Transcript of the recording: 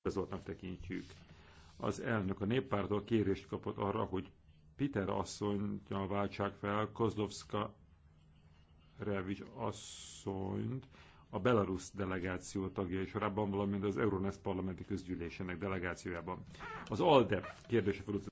igazoltnak tekintjük. Az elnök a néppártól kérést kapott arra, hogy Peter asszonyjal váltsák fel Kozlovska Revics asszonyt, a Belarus delegáció tagja és korábban, valamint az Euronest parlamenti közgyűlésének delegációjában. Az ALDE kérdése felúszó